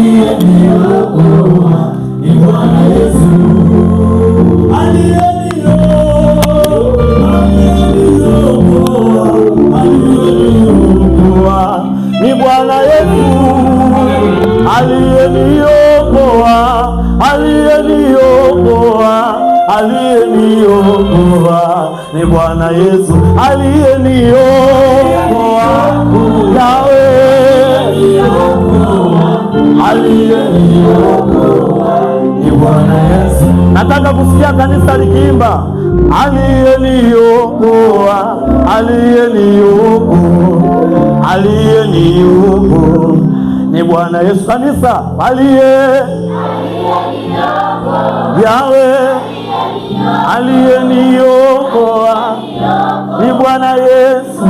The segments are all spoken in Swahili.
aliyeniokoa ni Bwana Yesu aliyeniokoa ni Bwana Yesu aliyeniokoa aliyeniokoa ni Bwana Yesu aliyeniokoa Nataka kusikia kanisa likiimba aliyeniokoa, aliyeniokoa, aliyeniokoa ni Bwana Yesu. Kanisa aliye yawe aliyeniokoa ni Bwana Yesu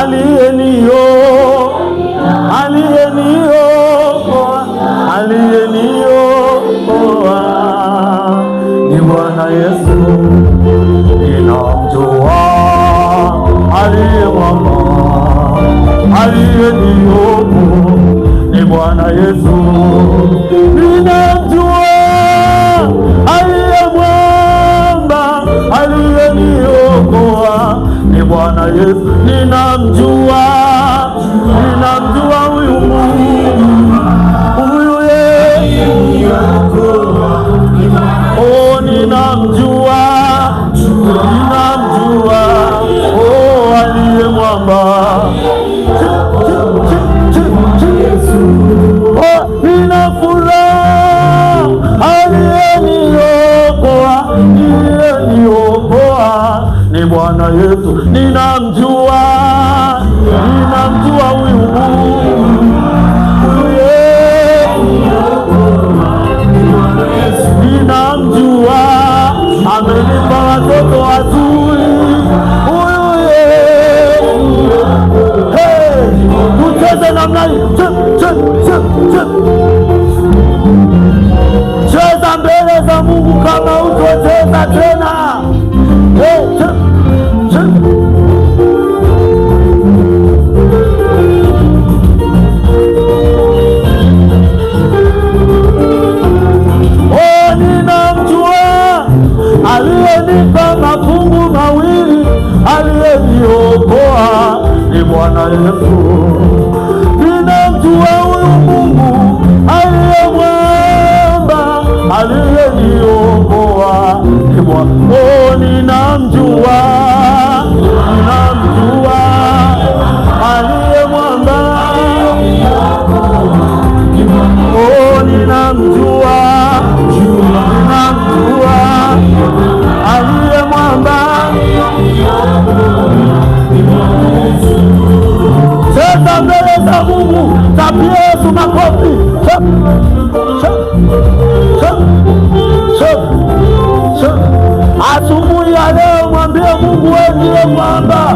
aliyeniokoa Yesu ninamjua, aliye mwema, aliye niyoku ni Bwana Yesu ninamjua, aliye mwema, aliye niyokoa ni Bwana Yesu ninamjua, ninamjua Bwana Yesu, ninamjua, ninamjua huyu ninamjua, amenipa watoto wazuri huyu, ucheze namna cheza mbele za Mungu kama utocheza tena katika mafungu mawili, aliyejiokoa ni Bwana Yesu. Ninamjua huyu Mungu aliyemwamba, aliyeniokoa ni Bwana. Oh, ninamjua ya leo, mwambie Mungu wetu kwamba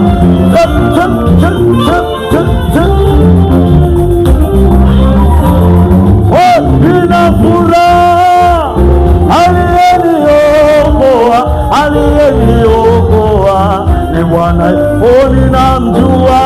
nina furaha, aliyeniokoa aliyeniokoa ni Bwana, oh, ninamjua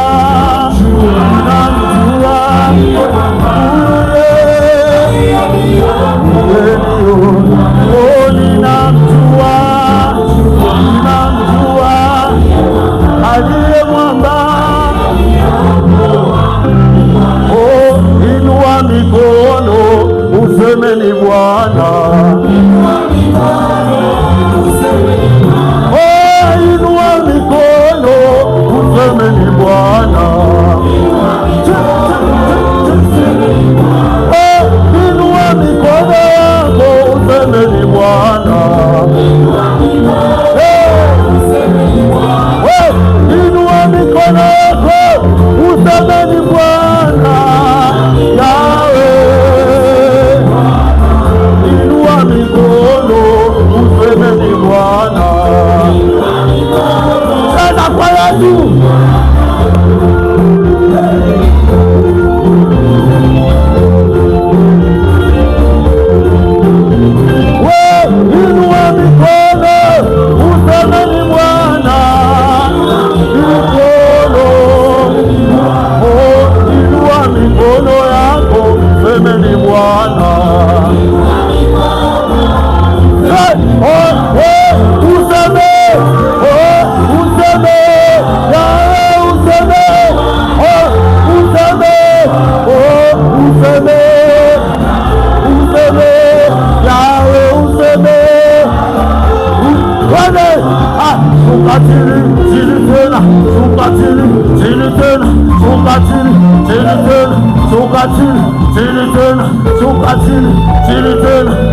çok acil çürütür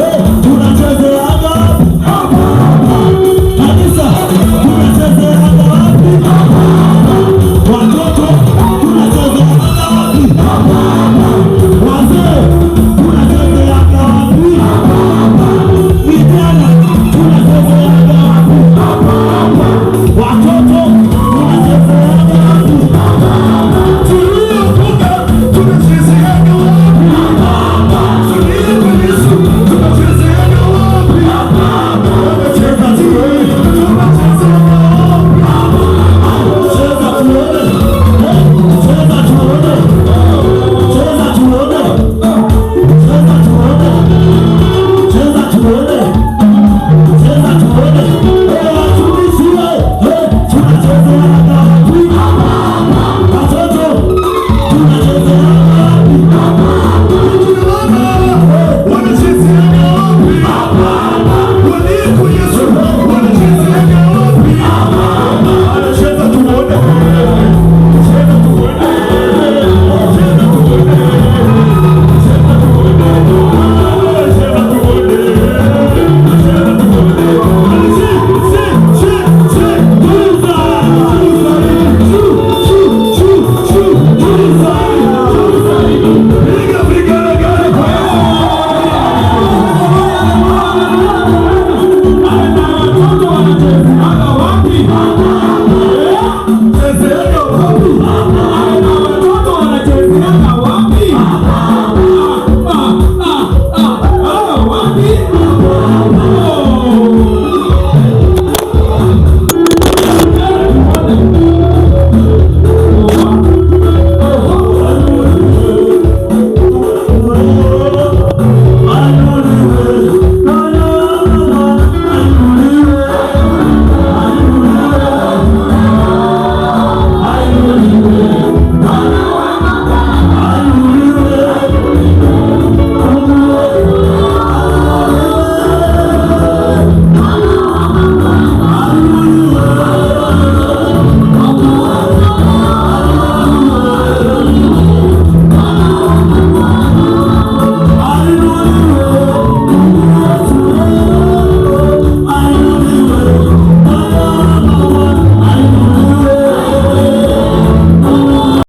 네.